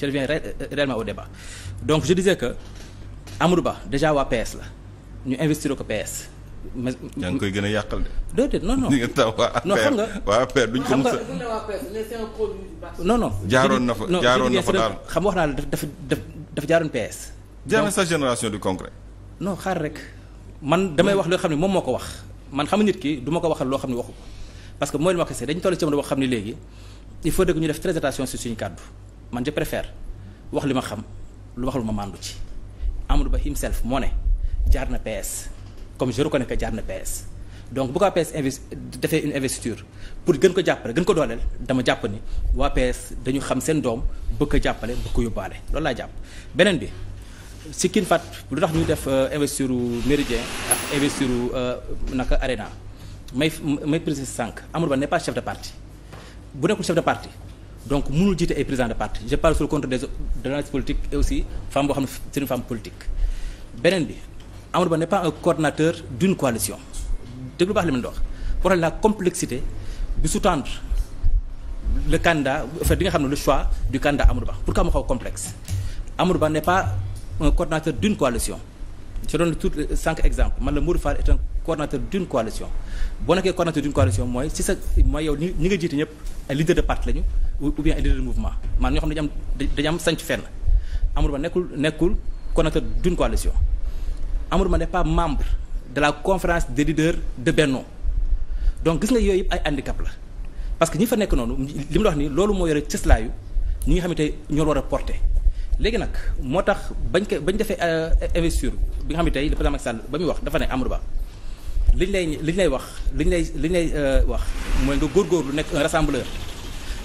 je reviens euh, réellement au débat donc je disais que Amadou Ba déjà waa PS la ñu investir ko PS. ma yaa ngi koy gën a yàqal de. déedéet non non ñu non xam nga waa APR duñ ko mos a. non non. jaaroon na fa jaaroon na fa daal xam nga wax naa la dafa dafa dafa jaaroon PS. jaar na sa génération du congrès. non xaar rek man damay wax loo xam ne moom moo ko wax man xam nga nit ki du ma ko waxal loo xam ne waxu ko parce que mooy li ma ko dañu toll ci jamono boo xam ne léegi il faut que ñu def très attention si suñu kàddu. man je préfère wax li ma xam lu wax lu ma màndu ci Amadou Ba himself moo ne jaar na PS comme je ko que jaar na PS donc bu ko waa PS invest defee une investiture pour gën ko jàppale gën ko dooleel dama jàpp ni waa PS dañu xam seen doom bëgg ko jàppale bëgg ko yóbbaale loolu laa jàpp. beneen bi si kin fat lu tax ñu def euh, investiture méridien ak investiture euh, naka arena may may préciser sànq Amadou Ba n'est chef de parti bu nekkul chef de parti. donc mënul jiite ay président de parti je parle sur le compte des de l'analyse politique et aussi femme boo xam ne c'est une politique. beneen bi Amadou Ba n'est pas un coordonnateur d'une coalition déglu baax li ma wax pour la complexité bi sous-tendre le candidat enfin xam ne le choix du candidat Amadou Ba pourquoi mu xaw complexe. Amadou Ba ne pas un coordonnateur d'une coalition je donne tout euh, cinq exemples man la Modou Fall est un coordonnateur d'une coalition boo nekkee coordonnateur d'une coalition mooy si sa mooy yow ñi nga jiite ñëpp. ay leader de parti lañu ou bien ay leader de mouvement maanaam ñoo xam ne dañu am dañu fenn Amadou Ba nekkul nekkul connecteur d'une coalition Amadou Ba n'est pas membre de la conférence des leaders de Benno donc gis nga yooyu ay handicap la parce que ñi fa nekk noonu li mu la wax nii loolu moo yore cëslaayu ñi nga xam ne tey ñoo war a porter léegi nag moo tax bañ ko bañ defee euh, investiture bi nga xam ne tey le président Macky Sall ba muy wax dafa ne Amadou Ba liñ lay liñ lay wax li lay liñ lay euh, wax mooy nga góorgóorlu nekk un rassembleur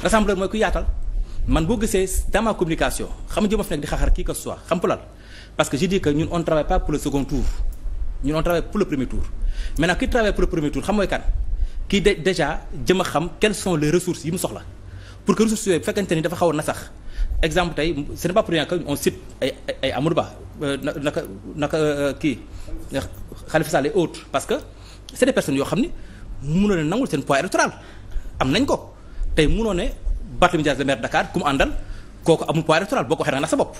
rassembleur mooy ku yaatal man boo gisee dans ma communication xam nga jëma fi nekk di xaxar kii que ce xam parce que je on travaille pas pour le second tour ñun on travaille pour le premier tour maintenant ki travaille pour mooy kan kii de déjà jëm a xam quelles sont les ressources yi mu soxla pour que ressources yooyu bu fekkente ni dafa xaw a na sax exemple tey ce n'est pas on cite ay ay Amadou Ba euh, naka naka euh, kii Khalifa Sall et autres parce que. c'est des personnes yoo xam ni mënoo ne nangul seen poids électoral am nañ ko tey mënoo ne Barthélémy Dias le maire Dakar ku mu àndal kooku amul poids électoral boo ko waxee da nga nax sa bopp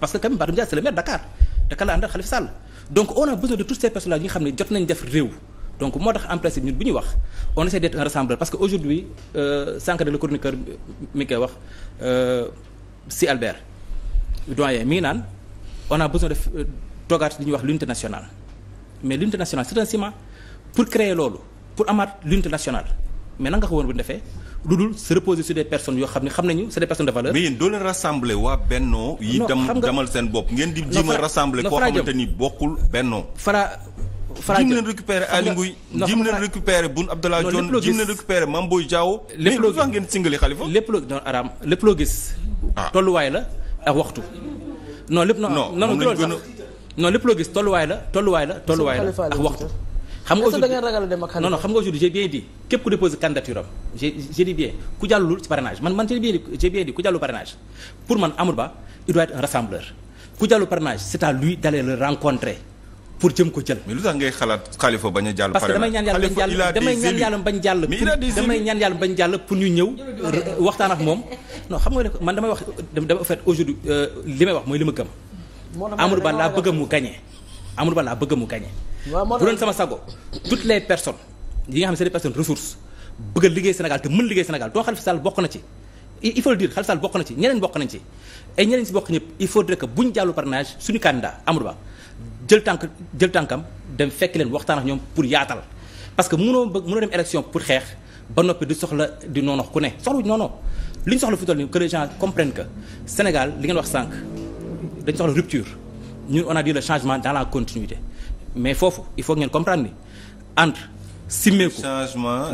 parce que tamit Barthélémy Dias c'est le maire Dakar te kan la àndal Khalifa Sall donc on a besoin de toutes ces personnes là nga xam ne jot nañ def réew donc moo tax en principe ñun bu ñuy wax on essaie d'être un rassembleur parce euh, de le chroniqueur mi ngi koy wax euh, si Albert doyen mi ngi naan on a besoin de euh, toogaat li ñuy wax l'unité nationale mais l'unité nationale c'est un pour créer loolu pour amaat l'unité nationale mais nan nga ko woon bu defee lu dul se reposer sur des personnes yoo xam ne xam nañu c'est des personnes de valeur. mais yéen doo leen rassembler waa Bennoo. yi dem demal seen bopp ngeen di. jéem a rassembler koo xamante ni bokkul Bennoo. Fara Fara jëm leen récupérer Aly Ngouille. non jëm leen récupérer Boun Abdallah Dionne jëm leen récupérer Mame Boye Diao. lépp loo gis mais ngeen singali Khalifa. lépp lépp loo gis. Ah. tolluwaay la ak waxtu. non lépp non non non lépp loo gis tolluwaay la tolluwaay la tolluwaay la ak waxtu xam nga aujourd'hui da ngeen ragal dem ak non non xam nga aujourd'hui j'ai bien dit képp ku déposé candidature am j'ai j'ai ci parrainage man man j'ai bien dit j'ai bien dit ku jàllu parrainage pour man Amadou Ba il doit être un rassembleur ku jàllu parrainage c'est à lui d'aller le rencontrer pour jëm ko jël. lu tax ngay xalaat Khalifa bañ a jàll. parce que damay ñaan yàlla bañ jàll damay ñaan yàlla bañ jàll. damay ñaan yàlla bañ jàll pour ñu ñëw. waxtaan ak moom non xam nga ne man damay wax dama en aujourd'hui euh, li may wax mooy li ma gëm. Amadou Ba laa bëgg mu gagner Amadou Ba laa bëgg mu gagné. bu doon sama sago toutes les personnes yi nga xam ne c'est des personnes ressources bëgg a liggéey Sénégal te mën liggéey Sénégal doo Khalifa Sall bokk na ci. il faut le dire Khalifa Sall bokk na ci ñeneen bokk nañ ci ay ñeneen si bokk ñëpp il faudrait que suñu candidat Amadou Ba jël tànk jël tànkam dem fekk leen waxtaan ñoom pour yaatal parce que mënoo bëgg mënoo dem élection pour xeex ba noppi di soxla di noonox ku ne soxla li ñu soxla fu toll nii que les gens li ngeen wax sànq dañ soxla rupture ñun on a dit le changement dans la continuité mais foofu il faut ngeen comprendre ni entre simmeeku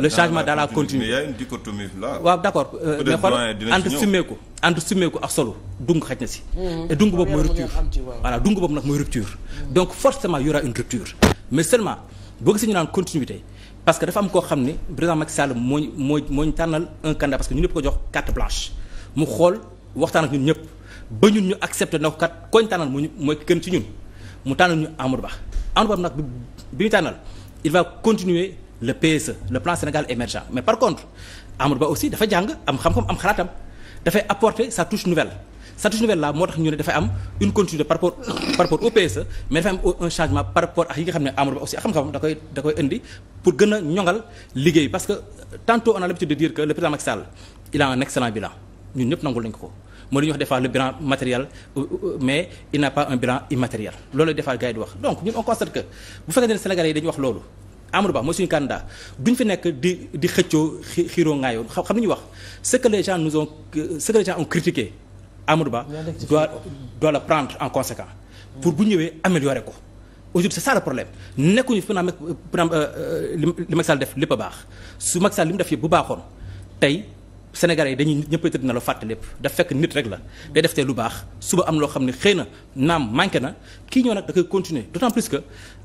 le changement dans la continuité mais y a une dichotomie là waaw d'accord euh, mais xool entre simmeeku entre simmeeku ak solo dung xaj na si mm-hmm. et dung boobu mooy rupture voilà dung boobu nag mooy rupture mm-hmm. donc forcément y aura une rupture mais seulement boo gisee ñu naan continuité parce que dafa am koo xam ne président Macky Sall moo moo moo ñu tànnal un candidat parce que ñu lépp ko jox carte blanche mu xool waxtaan ak ñun ñëpp ba ñun ñu accepté na ko kat koñ tànnal mu mooy gën ci ñun mu tànnal ñu Amadou Ba Amadou Ba nag bi ñu tànnal il va continuer le PSE le plan Sénégal émergent mais par contre Amadou Ba aussi dafa jàng am xam-xam am xalaatam dafay apporter sa touche nouvelle sa touche nouvelle la moo tax ñu ne dafay am une continuité par rapport par rapport au PSE mais dafay am un changement par rapport ak yi nga xam ne Amadou Ba aussi xam-xam da koy da koy indi pour gën a ñoŋal liggéey parce que tantôt on a l'habitude de dire que le un ñëpp nangul nañ ko ko moo li ñu wax des fois le matériel euh, euh, mais il n'a pas un bilan immatériel loolu des fois gars yi wax donc ñun on constate que bu fekkee ne Sénégalais yi dañuy wax loolu Amadou Ba mooy suñu candidat duñ fi nekk di di xëccoo xiiroo ngaayoo xam xam nañu wax ce que les gens nous ont ce que les gens ont critiqué Amadou Ba doit la prendre en conséquence pour bu ñëwee améliorer ko aujourd'hui c'est ça problème nekkuñu fi maanaam euh, li Macky Sall def lépp a baax su Macky li mu def yëpp bu baaxoon tey sénégal yi dañuy ñëppay tëdd na la fàtte lépp daf fekk nit rek la day def tey lu baax suba am loo xam ne xëy na naam manqué na kii ñëw nag da koy continuer d'autant plus que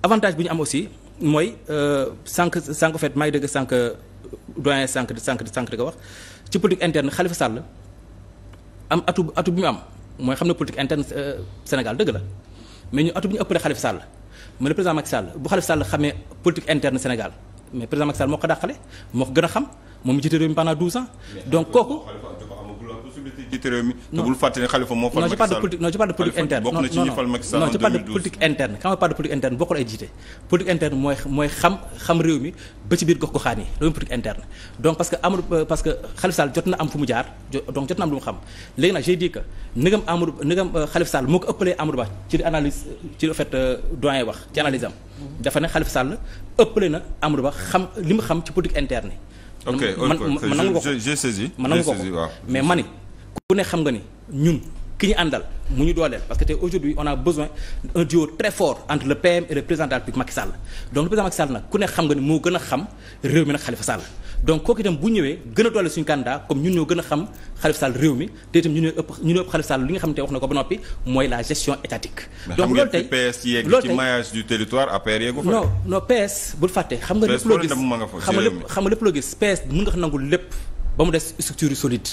avantage bi ñu am aussi mooy euh, sànq sànq fet maa dëgg sànq euh, doyen sànq di sànq di sànq di ko wax ci politique interne Khalifa Sall am atu atu bi mu am mooy xam ne politique interne euh, Sénégal dëgg la mais ñu atu bi ñu ëppale Khalifa Sall mais le président Macky Sall bu Khalifa Sall xamee politique interne Sénégal mais président Macky Sall moo ko dàqale moo ko gën a xam moom jiite réew mi pendant 12 ans. donc kooku. jiite réew mi te bul fàtte ne Khalifa moo fal Macky Sall interne bokk na ci ñi interne xam nga parle ay jiite politique interne mooy mooy xam xam réew mi ba ci biir gox goxaan yi loolu politique interne donc parce que Amadou euh, parce que Khalifa Sall jot na am fu mu jaar donc jot na am lu mu xam léegi nag j'ai dit que ndegam Amadou ndegam euh, Khalifa Sall moo ko ëppalee Amadou Ba ci analyse ci fait euh, doyen wax ci analyse am mhm. dafa ne Khalifa Sall ëppale na Amadou Ba xam li mu xam ci politique interne ok man man nangu ko j'ai saisi. j'ai saisi waaw mais mani ku ne xam nga ni ñun. ki ñu àndal mu ñu dooleel parce que tey aujourd'hui on a besoin d'un duo très fort entre le PM et le président de la République donc le président Macky Sall nag ku ne xam nga ni moo gën a xam réew mi nag Khalifa Sall donc kooku itam bu ñëwee gën a doole suñu candidat comme ñu ñoo gën a xam Khalifa Sall réew mi te itam ñu ñoo ëpp ñu ñoo ëpp Khalifa Sall li nga xam te wax na ko ba noppi mooy la gestion étatique donc loolu tey PS yegg ci maillage du territoire APR yeggu fa non non lépp loo gis xam nga lépp lépp loo gis PS mën nga